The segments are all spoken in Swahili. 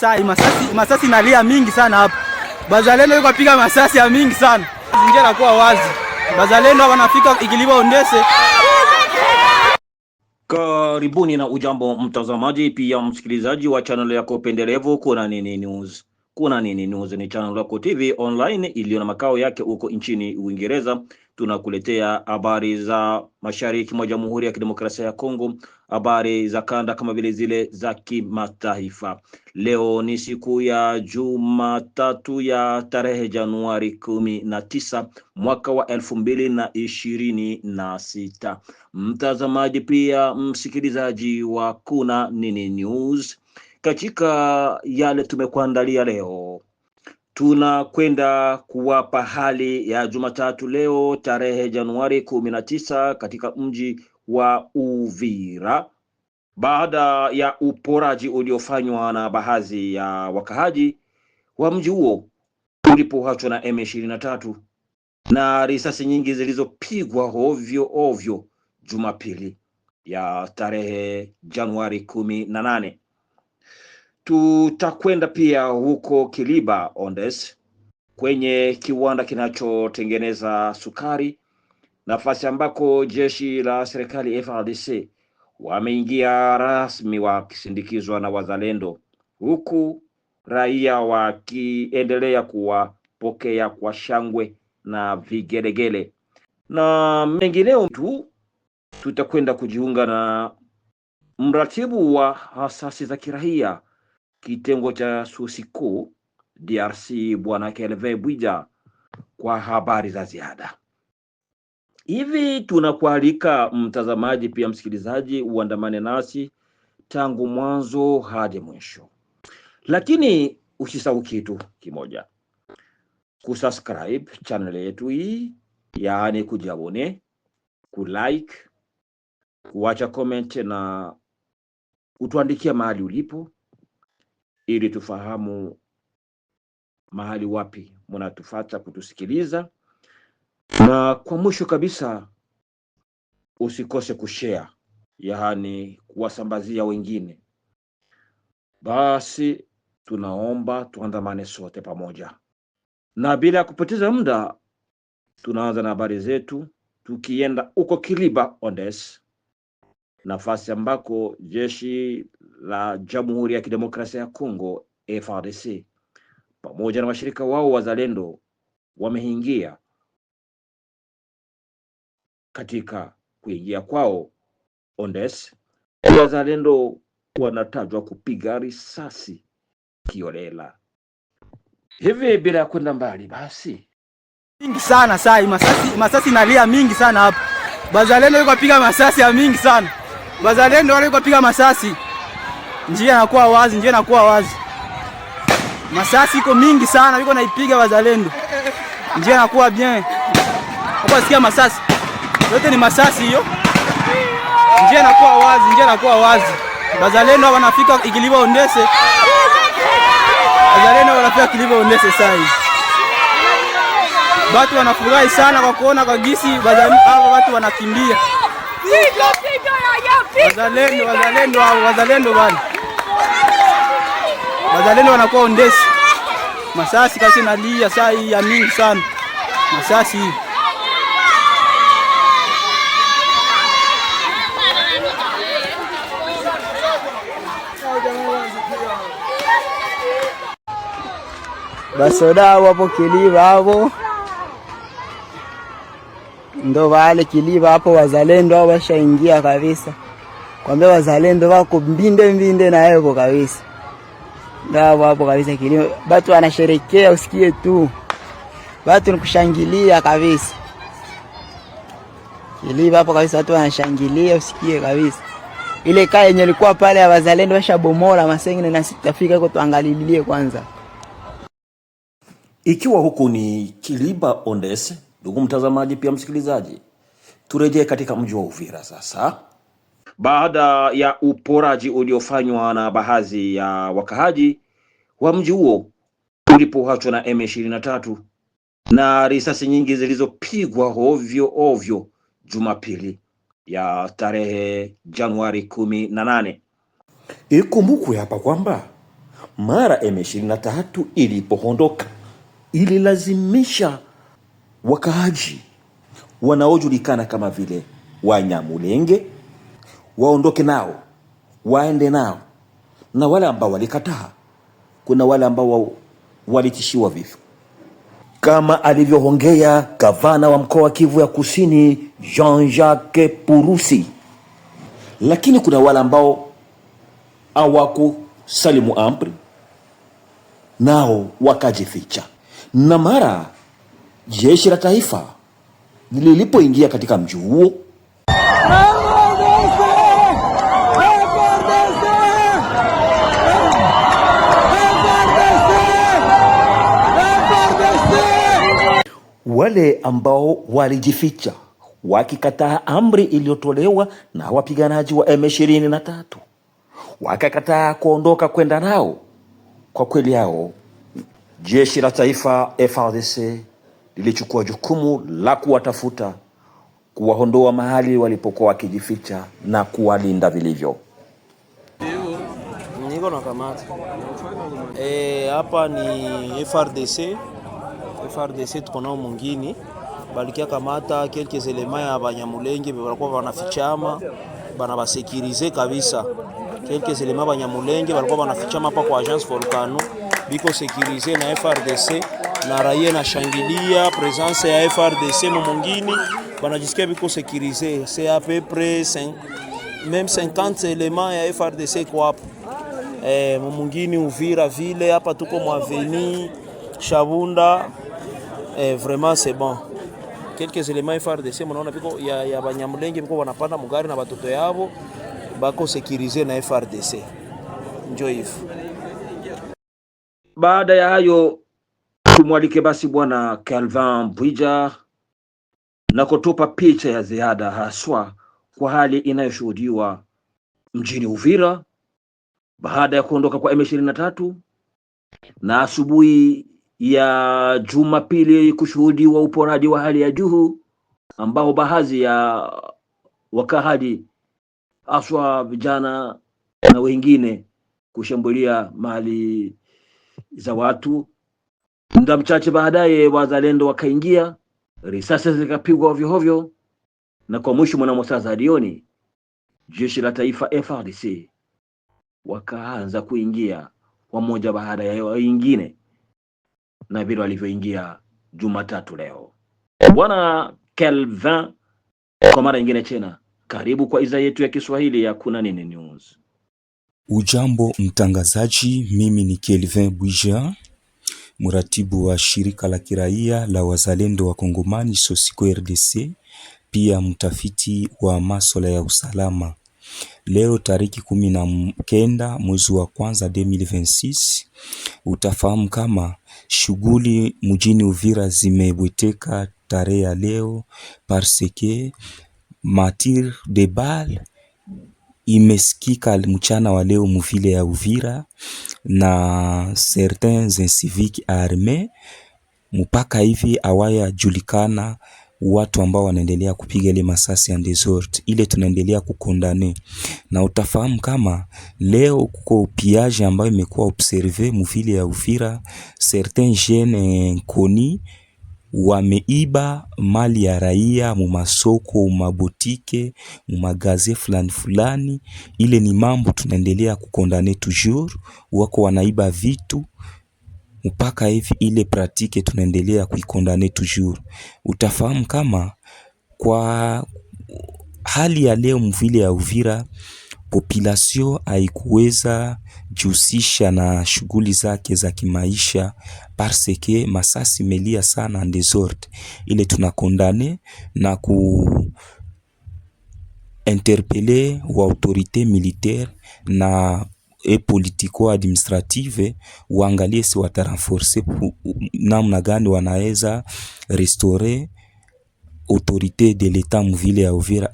sai Masasi, Masasi nalia mingi sana hapa. Bazalendo yuko apiga masasi ya mingi sana. Zingira nakuwa wazi. Bazalendo wanafika ikiliwa Ondese. Karibuni na ujambo mtazamaji pia msikilizaji wa channel yako pendelevu Kuna Nini News. Kuna Nini News ni channel yako TV online iliyo na makao yake huko nchini Uingereza. Tunakuletea habari za mashariki mwa Jamhuri ya Kidemokrasia ya Kongo, habari za kanda kama vile zile za kimataifa. Leo ni siku ya Jumatatu ya tarehe Januari kumi na tisa mwaka wa elfu mbili na ishirini na sita. Mtazamaji pia msikilizaji wa Kuna Nini News, katika yale tumekuandalia leo tunakwenda kuwapa hali ya Jumatatu leo tarehe Januari kumi na tisa katika mji wa Uvira baada ya uporaji uliofanywa na baadhi ya wakahaji wa mji huo ulipoachwa na M23 na risasi nyingi zilizopigwa ovyo ovyo Jumapili ya tarehe Januari kumi na nane. Tutakwenda pia huko Kiliba Ondes kwenye kiwanda kinachotengeneza sukari nafasi ambako jeshi la serikali frdc wameingia rasmi wakisindikizwa na wazalendo, huku raia wakiendelea kuwapokea kwa shangwe na vigelegele. Na mengineo tu, tutakwenda kujiunga na mratibu wa asasi za kiraia kitengo cha Susiku DRC, Bwana Kelve Bwija kwa habari za ziada. Hivi tunakualika mtazamaji, pia msikilizaji, uandamane nasi tangu mwanzo hadi mwisho, lakini usisahau kitu kimoja, kusubscribe channel yetu hii, yaani kujabone, kulike, kuacha comment na utuandikia mahali ulipo, ili tufahamu mahali wapi mnatufata kutusikiliza na kwa mwisho kabisa, usikose kushare, yaani kuwasambazia wengine. Basi tunaomba tuandamane sote pamoja, na bila ya kupoteza muda tunaanza na habari zetu, tukienda huko Kiliba Ondes, nafasi ambako jeshi la Jamhuri ya Kidemokrasia ya Kongo FARDC pamoja na washirika wao wazalendo wameingia katika kuingia kwao. Ondes, wazalendo wanatajwa kupiga risasi kiolela. Hivi bila kwenda mbali, basi mingi sana sai masasi, masasi nalia mingi sana hapa. Bazalendo yuko piga masasi ya mingi sana bazalendo wale yuko piga masasi, njia inakuwa wazi, njia inakuwa wazi, masasi iko mingi sana yuko naipiga bazalendo, njia inakuwa bien, uko sikia masasi yote ni masasi hiyo, njia inakuwa wazi, njia inakuwa wazi. Bazalendo wanafika ikiliwa Ondese, bazalendo wanafika ikiliwa Ondese. Saa hizi watu wanafurahi sana kwa kuona kwa gisi hao watu wanakimbia. Wazalendo, wazalendo hao, wazalendo bwana, wazalendo wanakuwa Ondese. Masasi kasi nalia saa hii ya mingi sana, masasi hii basoda wapo Kiliba hapo ndo wale Kiliba hapo, wazalendo hao washaingia kabisa. Kwambia wazalendo wako mbinde mbinde na yeko kabisa, ndao hapo kabisa Kiliba batu wanasherekea, usikie tu batu nikushangilia kabisa. Kiliba hapo kabisa, watu wanashangilia, usikie kabisa ile kaa yenye ilikuwa pale ya wazalendo washabomola masengine, na sitafika huko, tuangalilie kwanza. Ikiwa huku ni Kiliba ondese ndugu mtazamaji pia msikilizaji, turejee katika mji wa Uvira sasa. Baada ya uporaji uliofanywa na baadhi ya wakahaji wa mji huo ulipoachwa na M23 na risasi nyingi zilizopigwa ovyo ovyo Jumapili ya tarehe Januari kumi na nane, ikumbukwe hapa kwamba mara M23 ilipoondoka ililazimisha wakaaji wanaojulikana kama vile Wanyamulenge waondoke nao waende nao, na wale ambao walikataa, kuna wale ambao walitishiwa vifo, kama alivyoongea gavana wa mkoa wa Kivu ya Kusini Jean-Jacques Purusi. Lakini kuna wale ambao awaku salimu amri, nao wakajificha na mara jeshi la taifa lilipoingia katika mji huo wale ambao walijificha wakikataa amri iliyotolewa na wapiganaji wa M23 wakakataa kuondoka kwenda nao, kwa kweli hao Jeshi la Taifa frdc lilichukua jukumu la kuwatafuta, kuwaondoa mahali walipokuwa wakijificha na kuwalinda vilivyo. Niko na kamati e, hapa ni frdc frdc tuko nao mwingine balikia kamata quelques elements ya Banyamulenge balikuwa wanafichama bana basekirize kabisa. Quelques elements Banyamulenge balikuwa wanafichama hapa kwa agence Volcano biko sekirize na FRDC na raia na shangilia presence ya FRDC momongini, banajisikia biko sekirize. C'est à peu près même 50 elements ya FRDC kwa hapo eh, momongini Uvira vile hapa tuko mwaveni Shabunda eh, vraiment c'est bon quelques elements FRDC mnaona biko ya, ya Banyamulenge biko wanapanda mugari na batoto yabo bako sekirize na FRDC njo hivi. Baada ya hayo tumwalike basi Bwana Calvin Bwija na kutupa picha ya ziada haswa kwa hali inayoshuhudiwa mjini Uvira baada ya kuondoka kwa M23 na asubuhi ya Jumapili kushuhudiwa uporaji wa hali ya juu ambao baadhi ya wakahadi haswa vijana na wengine kushambulia mali za watu. Muda mchache baadaye wazalendo wakaingia, risasi zikapigwa hovyohovyo, na kwa mwisho mnamo saa za jioni jeshi la taifa frdc wakaanza kuingia wamoja baada ya wengine, na vile walivyoingia Jumatatu leo. Bwana Kelvin, kwa mara nyingine tena, karibu kwa idhaa yetu ya Kiswahili ya Kuna Nini News. Ujambo mtangazaji, mimi ni Kelvin buija mratibu wa shirika la kiraia la wazalendo wa Kongomani Sosiko RDC, pia mtafiti wa masuala ya usalama. Leo tariki kumi na kenda mwezi wa kwanza 2026 utafahamu kama shughuli mjini Uvira zimebweteka tarehe ya leo parce que matir de bal imesikika mchana wa leo mufile ya Uvira na certains civic arme mpaka hivi awaya julikana watu ambao wanaendelea kupiga ile masasi ya desort ile tunaendelea kukondane, na utafahamu kama leo kuko piage ambayo imekuwa observe mufile ya Uvira certain jene koni wameiba mali ya raia mu masoko, mumabotike, mumagaze fulani fulani. Ile ni mambo tunaendelea kukondane toujours, wako wanaiba vitu mpaka hivi, ile pratike tunaendelea kuikondane toujours. Utafahamu kama kwa hali ya leo mvile ya Uvira populasio haikuweza jihusisha na shughuli zake za kimaisha parce que masasi melia sana desordre ile tunakondane na ku interpele wa autorite militaire na e politico administrative waangalie si watarenforce namna gani wanaweza restore autorite de l'etat mvile ya Uvira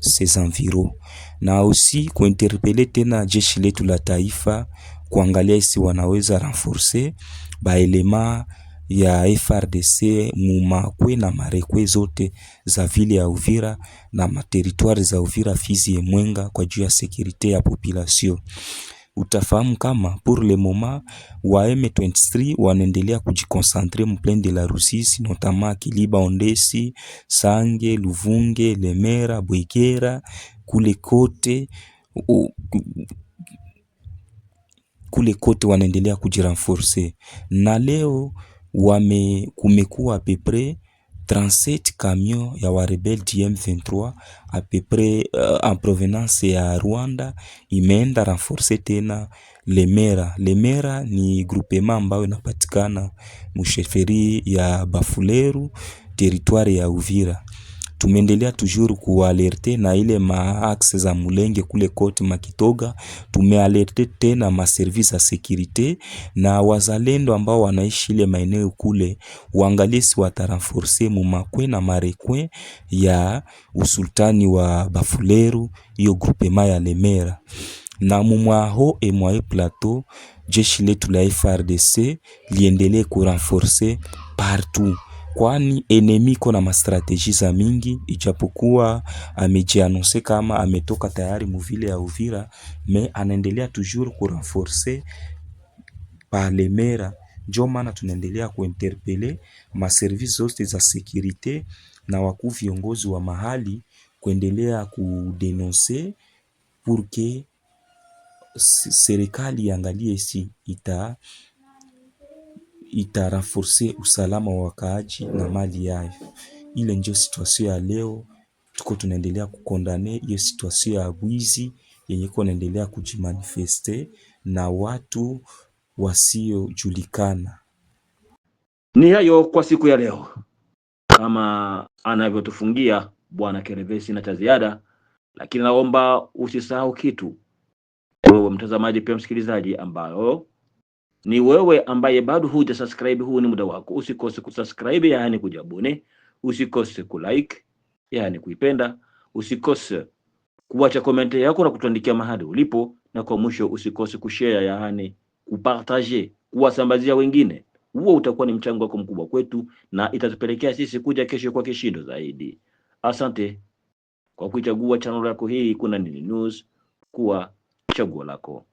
ses environs, na aussi kuinterpele tena jeshi letu la taifa kuangalia isi wanaweza renforcer baelema ya FRDC mumakwe na marekwe zote za vile ya Uvira na materitoire za Uvira, Fizi, Mwenga kwa juu ya sekurite ya population utafahamu kama pour le moment wa M23 wanaendelea mu mplen de la Rusisi, notamment Kiliba, Ondesi, Sange, Luvunge, Lemera, Bwegera kule kote kule kote wanaendelea kujiranforce na leo wame kumekuwa pepre 37 camions ya warebeldi M23 a peu près euh, en provenance ya Rwanda imeenda renforce tena Lemera. Lemera ni grupema ambayo inapatikana musheferi ya Bafuleru, teritwari ya Uvira. Tumeendelea tujuru kualerte na ile maakse za Mulenge kule koti Makitoga, tumealerte tena maservisi ya securite na wazalendo ambao wanaishi ile maeneo kule, uangalisi wataranforce mumakwe na marekwe ya usultani wa Bafuleru, hiyo groupema ya Lemera na mumwaho emwae plateau, jeshi letu la FRDC liendelee kuranforce partout kwani enemi iko na mastrateji za mingi, ijapokuwa amejianonse kama ametoka tayari muvile ya Uvira, me anaendelea toujours kurenforce palemera. Njo maana tunaendelea kuinterpele maservisi zote za sekurite na wakuu viongozi wa mahali kuendelea kudenonse que serikali iangalie si ita itaraforce usalama wa wakaaji na mali yao. Ile ndio situasio ya leo, tuko tunaendelea kukondane hiyo situasio ya wizi yenye iko naendelea kujimanifeste na watu wasiojulikana. Ni hayo kwa siku ya leo, kama anavyotufungia Bwana Kerevesi na cha ziada, lakini naomba usisahau kitu wewe mtazamaji, pia msikilizaji ambayo ni wewe ambaye bado huja subscribe, huu ni muda wako, usikose kusubscribe, yaani kujabone usikose kulike, yaani kuipenda, usikose kuacha komenti yako na kutuandikia mahali ulipo, na kwa mwisho usikose kushare, yaani kupartage, kuwasambazia wengine. Huo utakuwa ni mchango wako mkubwa kwetu na itatupelekea sisi kuja kesho kwa kishindo zaidi. Asante kwa kuichagua channel yako hii Kuna Nini News kuwa chaguo lako.